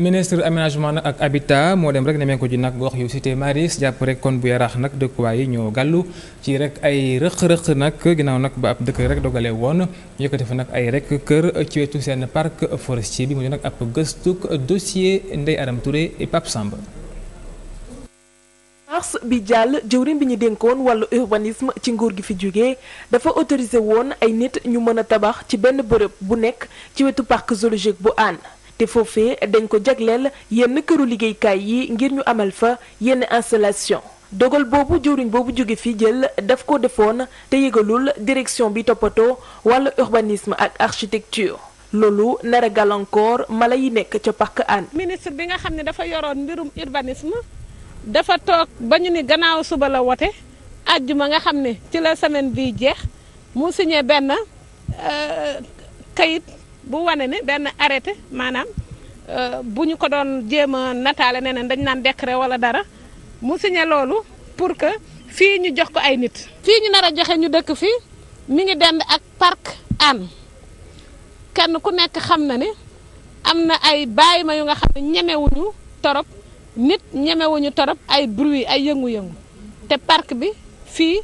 ministre aménagement nag ak habitat moo dem rek nemee ko ji nag gox yu cité Maris jàpp rek kon bu yaraax nag dëkkuwaay yi ñoo gàllu ci rek ay rëq-rëq nag ginnaaw nag ba ab dëkk rek dogale woon ñu yëkkati fa nag ay rek kër ci wetu seen parc forestier bi mu nag ab gëstuk dossier Ndeye Arame Touré et Pape Samba. mars bi jàll jëwriñ bi ñu dénkoon wala urbanisme ci nguur gi fi jógee dafa autorisé woon ay nit ñu mën a tabax ci benn bërëb bu nekk ci wetu parc zoologique bu Hann te foofee dañ ko jagleel yenn këru liggéeykaay yi ngir ñu amal fa yenn installation dogal boobu juriñ boobu jóge fi jël daf ko defoon te yëgalul direction bi toppatoo wàllu urbanisme ak architecture loolu nar a gàllankoor mala yi nekk ca parc Hann ministre bi nga xam ne dafa yoroon mbirum urbanisme dafa toog ba ñu ni gannaaw suba la wote àjjuma nga xam ne ci la semaine biy jeex mu signé benn euh, kayit bu wane ne benn arrêté maanaam euh, bu ñu ko doon jéema a nataale neneen dañ naan décret wala dara mu signé loolu pour que fii ñu jox ko ay nit. fii ñu nar a joxe ñu dëkk fii mi ngi dend ak parc Hann kenn ku nekk xam na ni am na ay bàyyi ma yu nga xam ne ñemewuñu torop nit ñemewuñu torop ay bruit ay yëngu-yëngu te park bi fii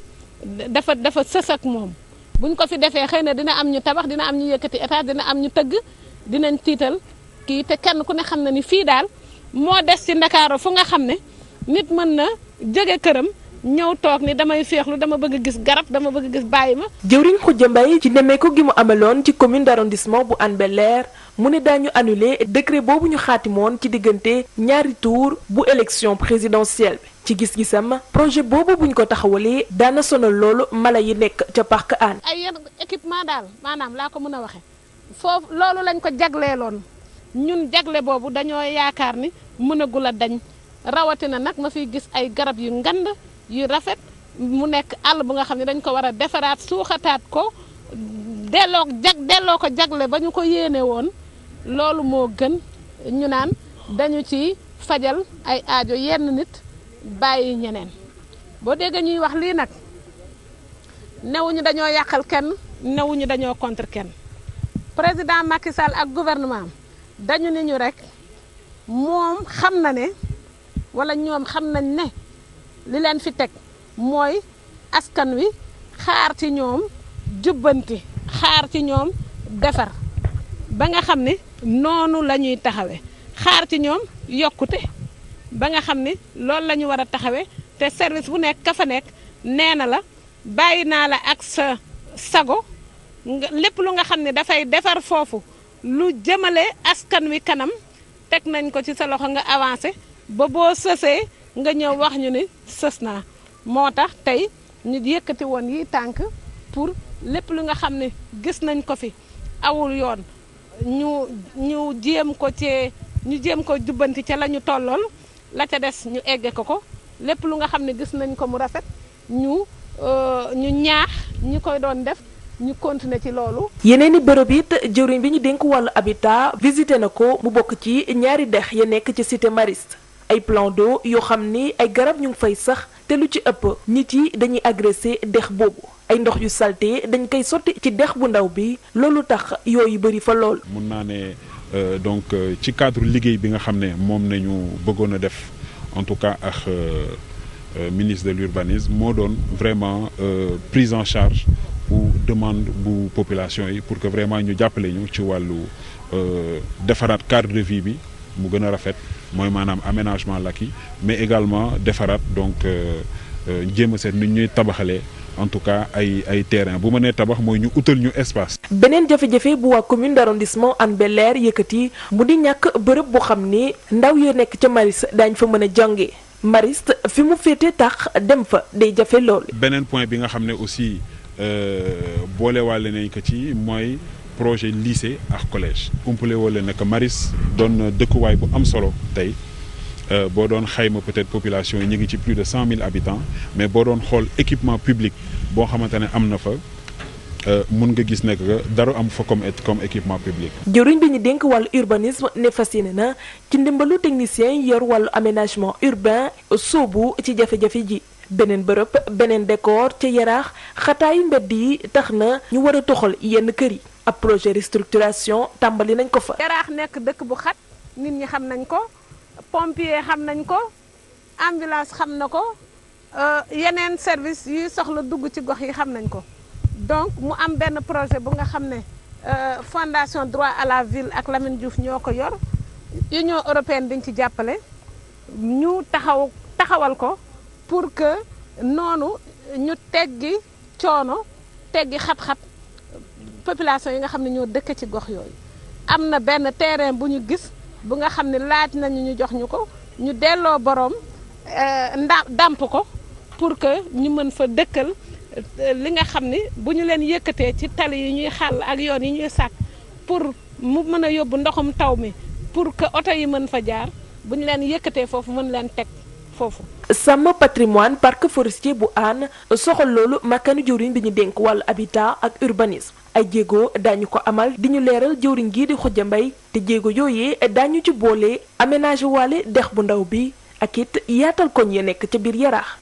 dafa dafa sës ak moom. bu buñ ko fi defee xëy na dina am ñu tabax dina am ñu yëkkati étage dina am ñu tëgg dinañ tiital kii te kenn ku ne xam na ni fii daal moo des ci ndakaaro fu nga xam ne nit mën na jóge këram ñëw toog ni damay féexlu dama bëgg gis garab dama bëgg gis bàyyi ma. jëwriñ Khoudia Mbaye ci nemmeeku gi mu amaloon ci commune d' arrondissement bu Hann bel mu ne daañu annulé décret boobu ñu xaatimoon ci diggante ñaari tour bu élection présidentielle bi. ci gis-gisam projet boobu buñ ko taxawalee daana sonal loolu mala yi nekk ca parc Hann ay yar équipement daal maanaam laa ko mën a waxe foofu loolu lañ ko loon ñun jagle boobu dañoo yaakaar ni mënagul a dañ rawatina nag ma fiy gis ay garab yu ngand yu rafet mu nekk àll bu nga xam ne dañ ko war a defaraat suuxataat ko delloo jag delloo ko jagle ba ñu ko yéene woon loolu moo gën ñu naan dañu ci fajal ay aajo yenn nit bàyyi ñeneen boo déggee ñuy wax lii nag newuñu dañoo yàqal kenn newuñu dañoo contre kenn président Macky Sall ak gouvernement am dañu ni ñu rek moom xam na ne wala ñoom xam nañ ne li leen fi teg mooy askan wi xaar ci ñoom jubbanti xaar ci ñoom defar ba nga xam ni noonu lañuy taxawe xaar ci ñoom yokkute ba nga xam ni loolu la ñu war a taxawee te service bu nekk ka fa nekk nee na la bàyyi naa la ak sa sago lépp lu nga xam ne dafay defar foofu lu jëmale askan wi kanam teg nañ ko ci sa loxo nga avancé ba boo sësee nga ñëw wax ñu ni sës naa moo tax tey ñu yëkkati woon yi tànk pour lépp lu nga xam ne gis nañ ko fi awul yoon ñu ñu jéem ko cee ñu jéem ko jubbanti ca la ñu tollool la ca des ñu egge ko ko lépp lu nga xam ne gis nañ ko mu rafet ñu euh, ñu ñaax ñi koy doon def ñu continuer ci loolu. yeneen i bërëb it jëriñ bi ñu dénk wàllu habitat visité na ko mu bokk ci ñaari dex ya nekk ci cité Mariste ay plan d'eau yoo xam ni ay garab ñu ngi fay sax te lu ci ëpp nit yi dañuy agressé dex boobu ay ndox yu salté dañ koy sotti ci dex bu ndaw bi loolu tax yooyu bëri fa lool. mun naa ne Euh, donc euh, ci cadre liggéey bi nga xam ne moom nañu bëggoon a def en tout cas ak euh, ministre de l'urbanisme moo doon vraiment prise en charge bu demande bu population yi pour que vraiment ñu jàppale ñu ci wàllu defaraat cadre de vie bi mu gën a rafet mooy maanaam aménagement lakki mais également defaraat donc jéem a seet ni ñuy tabaxalee en tout cas ay ay terrain bu ma nee tabax mooy ñu utal ñu espace. beneen jafe-jafe bu waa commune d' arrondissement Hann Bel-Air yëkkati mu di ñàkk bërëb bu xam ni ndaw yoo nekk ca Maris dañ fa mën a jànge Maris fi mu féete tax dem fa day jafe lool. beneen point bi nga xam ne aussi euh, boolewaale nañ ko ci mooy projet lycée ak collège. umpale leen nag Maris doon dëkkuwaay bu am solo tey. Euh, boo doon xayma peut population yi ñu ngi ci plus de cent mille habitants mais boo doon xool équipement public boo xamante ne am na fa euh, mun nga gis nekk dara am fa comme comme équipement public. jëriñ bi ñu dénk wàllu urbanisme ne fas na ci ndimbalu technicien yi yor wàllu aménagement urbain soobu ci jafe-jafe ji. beneen bërëb beneen décor ca yaraax xataayu mbedd yi tax na ñu war a toxal yenn kër yi ab projet restructuration tàmbali nañ ko fa. yaraax nekk dëkk bu xat nit ñi xam nañ ko. pompier xam nañ ko ambulance xam na ko euh, yeneen service yi soxla dugg ci gox yi xam nañ ko donc mu am benn projet bu nga xam ne euh, fondation droit à la ville ak Lamine Diouf ñoo ko yor union européenne dañ ci jàppale ñu taxaw taxawal ko pour que noonu ñu teggi coono teggi xat-xat population yi nga xam ne ñoo dëkk ci gox yooyu am na benn terrain bu ñu gis bu nga xam ne laaj nañu ñu jox ñu ko ñu delloo boroom euh, nda dàmp ko pour que ñu mën fa dëkkal euh, li nga xam ni bu ñu leen yëkkatee ci tali yi ñuy xàll ak yoon yi ñuy sàkk pour mu mën a yóbbu ndoxum taw mi pour que oto yi mën fa jaar bu ñu leen yëkkatee foofu mën leen teg foofu sàmm patrimoine parc forestier bu Hann soxal loolu makkanu jëwriñ bi ñu dénk wàllu habitat ak urbanisme ay jéego daañu ko amal di ñu leeral jëwriñ gii di Khoudia Mbaye te jéego yooyee daañu ci boole aménagé waale dex bu ndaw bi ak it yaatal koñ ya nekk ca biir yaraax